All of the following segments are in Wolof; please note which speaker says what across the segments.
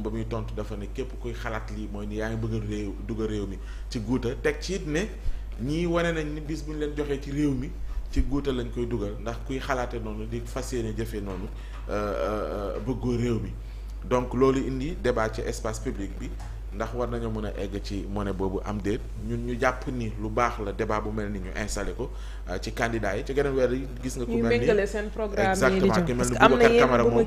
Speaker 1: moom ba muy tontu dafa ne képp kuy xalaat lii mooy ni yaa ngi bëgg a réew dugal réew mi ci guuta teg ci it ne ñii wane nañ ni bis bu ñu leen joxee ci réew mi ci guuta lañ koy dugal ndax kuy xalaate noonu di fas yéene jëfee noonu euh, euh, euh, bëggoo réew mi donc loolu indi débat ci espace public bi ndax war nañoo mën a egg ci monnaie boobu am déet ñun ñu jàpp ni lu baax la débat bu mel ni ñu installé ko euh, ci candidat yi ci geneen weer yi gis nga. ku mel ni ñuy méngale seen programme exactement ki mel ni Boubacar Camara moom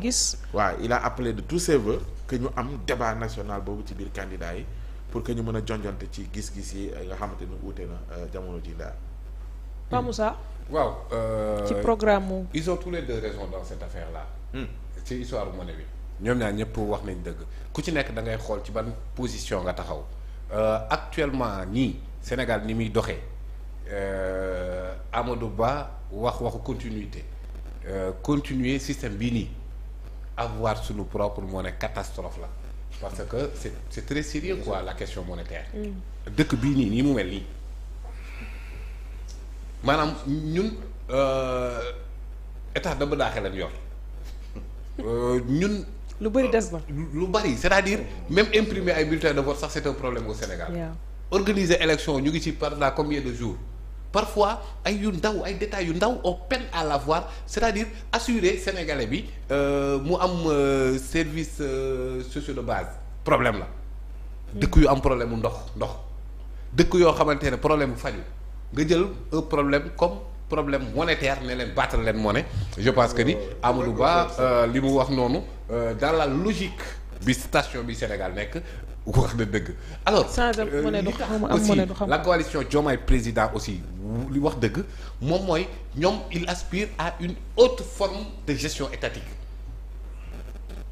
Speaker 1: waaw il a appelé de tous ses voeux que ñu am débat national boobu ci biir candidat yi pour que ñu mën a jonjonte ci gis-gis yi euh, nga xamante ni uute na euh, jamono ji daal.
Speaker 2: Pa Moussa. waaw. ci programme mu.
Speaker 1: ils ont tous les deux raison dans cette affaire là. Hmm. ci histoire monnaie bi. ñoom ñaan ñëpp wax nañ dëgg ku ci nekk da ngay xool ci ban position nga taxaw euh, actuellement nii Sénégal ni muy doxee euh, Amadou Ba wax waxu continuité euh, continuer système bii nii avoir suñu propre monnaie catastrophe la parce que c'est c'est très sérieux quoi la question monétaire
Speaker 2: mm.
Speaker 1: dëkk bii nii nii mu mel nii maanaam ñun état da ba daaxe lañ ñun lu bëri des na euh, lu bari c'est-à-dire même imprimer ay bulletins de vote sax c'est un problème au Sénégal yeah. organiser élection ñu ngi ci pendant combien de jours parfois ay yu ndaw ay détails yu ndaw au peine à l'avoir c'est-à-dire assurer sénégalais bi euh, mu am euh, service euh, sociaux de base problème la dëkk yu am problème mu ndox ndox dëkk yoo xamante ne problème bu faju nga jël problème comme problème monétaire ne leen battre leen monnaie je pense que ni Amadou Ba euh, li mu wax noonu euh, dans la logique bi station bi Sénégal nekk wax na dëgg alors euh, li tax aussi la coalition Diomaye président aussi li wax dëgg moom mooy ñoom il aspire à une autre forme de gestion étatique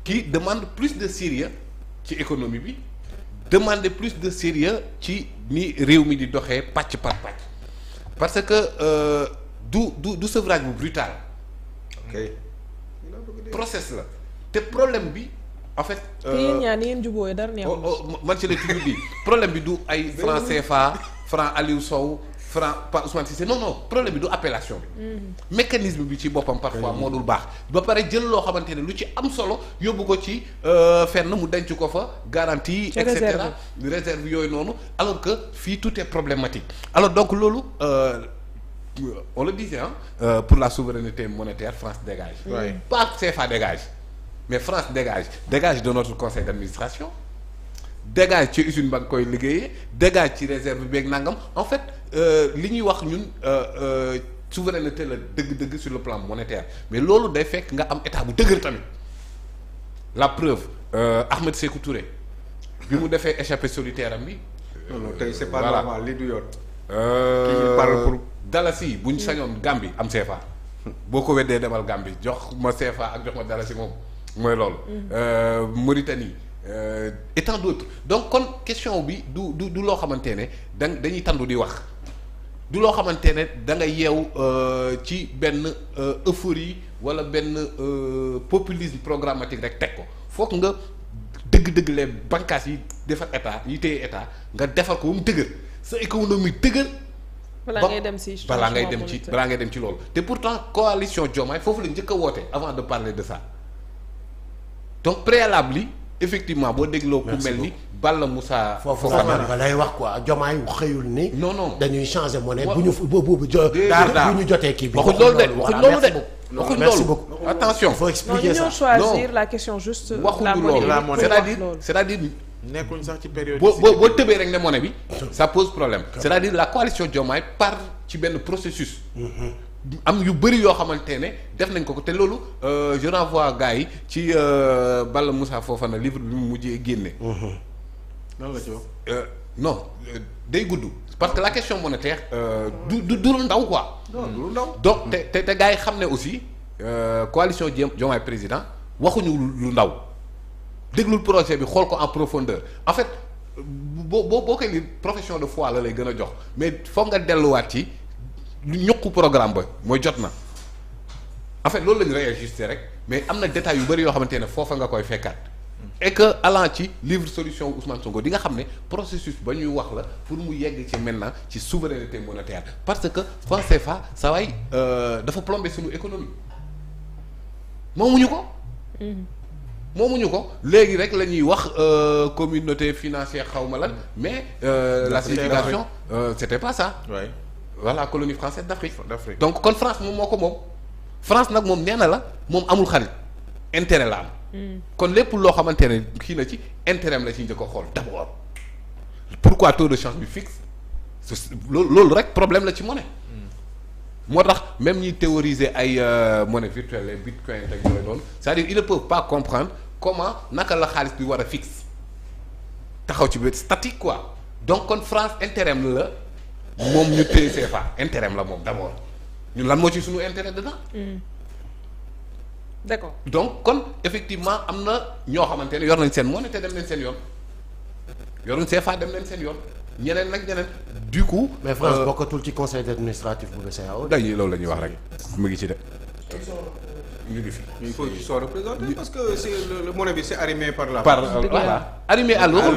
Speaker 1: ki demande plus de sérieux ci économie bi demande plus de sérieux ci ni réew mi di doxee pàcc par pàcc parce que du du du sevrage bu brutal. ok process la te problème bi en fait. Euh, te yéen ñaa
Speaker 2: ni ngeen jubóoyee dara oh, neexul.
Speaker 1: Oh, man ci la toujours di problème bi du ay franc CFA franc Aliou Sow franc Pa Ousmane Cissé non non problème bi du appellation bi. Mhm. mécanisme bi ci boppam parfois moo dul baax. ba pare jël loo xamante ne lu ci am solo yóbbu ko ci euh, fenn mu denc ko fa garantie. et réserve yooyu noonu alors que fii tout est problématique alors donc loolu. Euh, on le disait hein euh, pour la souveraineté monétaire France dégage oui. pas CFA dégage mais France dégage dégage de notre conseil d'administration dégage ci usine ba nga koy liggéeyee dégage ci réserve beeg nangam en fait euh, li ñuy wax ñun euh, euh, souveraineté la dëgg-dëgg sur le plan monétaire mais loolu day fekk nga am état bu dëgër tamit la preuve euh, Ahmed bi mu defee échappé solitaire am bi. non non tey c'est pas normal il parle pour dalasi buñ sañoon Gambie am CFA boo ko weddee demal Gambie jox ma CFA ak jox ma dalasi moom mooy loolu. Mm-hmm. Euh, Mauritanie euh, et tant d'autres donc kon question bi du du loo xamante ne da dañuy tandu di wax du loo xamante ne da nga yeew euh, ci benn euphorie wala benn populisme programmatique rek teg ko foog nga dëgg-dëgg les bànqaas yi defar état yi téye état nga defar ko ba mu dëgër. sa économie tëgër.
Speaker 2: balaa ngay dem ci balaa ngay dem ci balaa
Speaker 1: ngay dem ci loolu. te pourtant coalition Diomaye foofu la njëkk a woote avant de parler de ça donc préalable li effectivement boo dégloo. ku mel ni Balla Moussa. foofu nga lay wax quoi Diomaye xëyul ni. non non dañuy changer monnaie bu ñu bu ñu jotee kii bi. waxuñ loolu de waxuñ loolu de. waxuñ loolu attention il faut expliquer ça non choisir
Speaker 2: la question juste. waxuñu loolu c'est-à-dire
Speaker 1: c'est-à-dire. nekkuñ sax ci période. boo boo boo tëbee rek ne monnaie bi. ça pose problème. c'est-à-dire la coalition Diomaye par ci benn processus. Mhm. am yu bëri yoo xamante ne def nañ ko ko te loolu euh, je renvoie gars yi ci euh, Balla Moussa Fofana livre bi mu mujjee génne.
Speaker 2: Mhm. la ci wax.
Speaker 1: Euh, non day gudd. parce que la question monétaire. du du du lu ndaw quoi. du lu ndaw donc te te te gars yi xam ne aussi coalition Diomaye président waxuñu lu ndaw. déglul projet bi xool ko en profondeur en fait boo boo boo koy li profession de fois la lay gën a jox mais foog nga delluwaat ci ñuqu programme ba mooy jot na en fait loolu la ñu réajuster rek mais am na détails yu bëri yoo xamante ne foofa nga koy fekkaat et que allant ci livre solution Ousmane Sonko di nga xam ne processus ba ñuy wax la pour mu yegg ci maintenant ci souveraineté monétaire parce que franc fa saa waay euh, dafa plombé suñu économie moomuñu ko. Mm-hmm. moomuñu ko léegi rek la ñuy wax euh, communauté financière xawma lan mais euh, la signification euh, c'était pas ça ouais. voilà colonie française d'Afrique d'Afrique donc kon France moom moo ko moom France nag moom nee na la moom amul xarit intérêt la am hmm. kon lépp loo xamante ne kii na ci intérêt am la ci njëkk xool xool d'abord pourquoi taux de change bi fixe loolu loolu rek problème la ci monnaie moo tax même ñuy théoriser ay euh, monnaie virtuelle les bitcoin ak yooyu noonu c'est-à-dire ils ne peuvent pas comprendre comment naka la xaalis bi war a fixe taxaw ci biir statique quoi donc kon France intérêt la moom ñu téye CFA intérêt am la moom d'abord ñun lan moo ci suñu intérêt dedans.
Speaker 2: Hmm. d'accord
Speaker 1: donc kon effectivement am na ñoo xamante ne yor nañ seen monnaie te dem nañ seen yoon yoruñ CFA dem leen seen yoon. ñeneen nag ñeneen du coup. mais France euh, bokkatul ci conseil administratif bu BCEAO. dañuy loolu la ñuy wax rek mu ngi ci de. ñu ngi fi il faut qu'ils soient parce que c'est le monnaie bi c'est arrimé par là. par euh, voilà arrimé à l'euro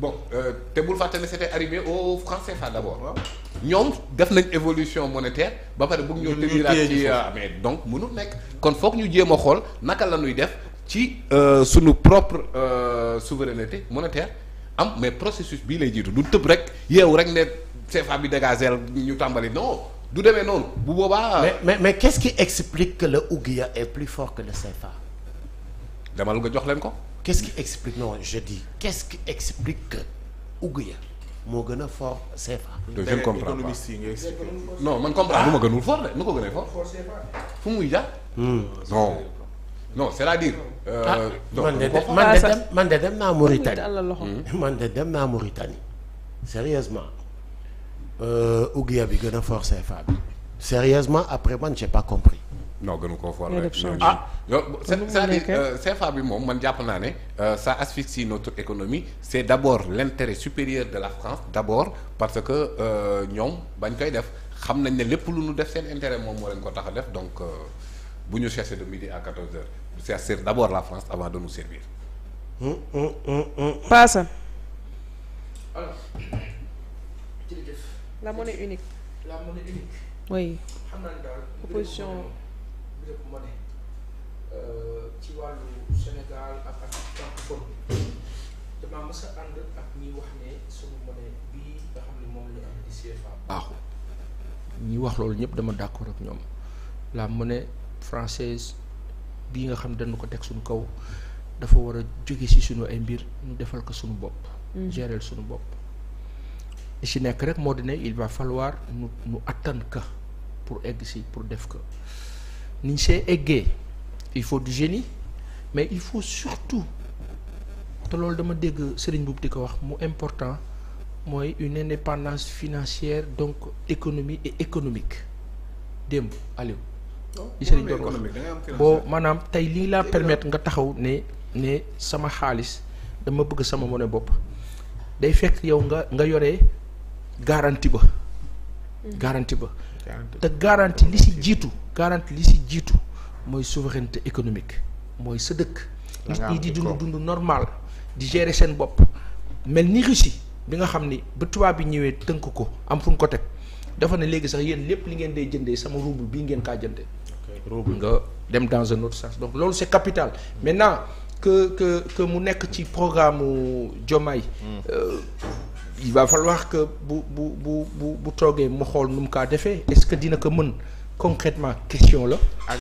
Speaker 1: donc euh, à te bul fàtte ne c'était arrivé au franc CFA d'abord ñoom def nañ évolution monétaire ba pare bëgg ñoo tëgiraat ci mais donc mënul nekk kon foog ñu jéem a xool naka la ñuy def ci sunu propre souveraineté monétaire am mais processus bii lay jiitu du tëb rek yeewu rek ne CFA bi dégagé ñu tàmbali non du demee noonu bu boobaa. mais mais mais qu'est-ce qui explique que le Ouguiya est plus fort que le CFA. demal nga jox leen ko. qu'est-ce qui explique non je dis quest qui explique que Ouguiya moo gën a fort CFA. je ne comprends pas non man comprendre lu ah. ma gënul fort de nu ko gënee fort. fu muy jaar. Hmm. non. non c'est-à-dire. Euh, ah, man de man de dem man de dem naa Mauritanie hmm. man de dem naa Mauritanie sérieusement euh, ouguiya bi gën a forcé faa bi sérieusement après man j'ai pas compris. non gënu koo for rek ah c'est-à-dire euh, CFA bi moom man jàpp naa ne ça asphyxie notre économie c'est d'abord l'intérêt supérieur de la France d'abord parce que ñoom bañ koy def xam nañ ne lépp lu ñu def seen intérêt moom moo lañ ko tax a def donc. bu ñu chercher de midi à quatorze heures chercher d'abord la France avant de servir.
Speaker 2: paasa. la monnaie unique. la monnaie euh, ci wàllu Sénégal ak ak francophone damaa mës a ànd ak ñi wax ne sunu monnaie bii nga xam ne moom la am di CFA. baaxul ñi wax loolu ñëpp dama d'accord ak ñoom la monnaie. française bii nga xam dañu ko teg suñu kaw dafa war a jóge si suñu ay mbir ñu defal ko suñu bopp mm. gérer suñu bopp li si nekk rek moo di ne il va falloir nu pour egg pour def ko ni ñu eggee il faut du génie mais il faut surtout te loolu dama dégg sëriñ boobu di ko wax mu important mooy une indépendance financière donc économie et économique démb Aliou yi sëriñ doon wax boo maanaam tey lii laa permettre nga taxaw ne ne sama xaalis dama bëgg sama monnaie bopp day fekk yow nga nga yore garanti ba garanti ba te garantie li si jiitu garantie li si jiitu mooy souveraineté économique mooy sa dëkk nit ñi di dund dund normal di gérer seen bopp mel ni Russie bi nga xam ni ba tubaab bi ñëwee tënk ko am fu ko teg dafa ne léegi sax yéen lépp li ngeen day jëndee sama rouble bii ngeen kaa jëndee nga dem dans un autre sens donc loolu c'est capital maintenant que que que mu nekk ci programme Diomaye mm. euh, il va falloir que bu bu bu bu bu toogee mu xool nu mu kaa defee est-ce que dina ko mën concrètement question la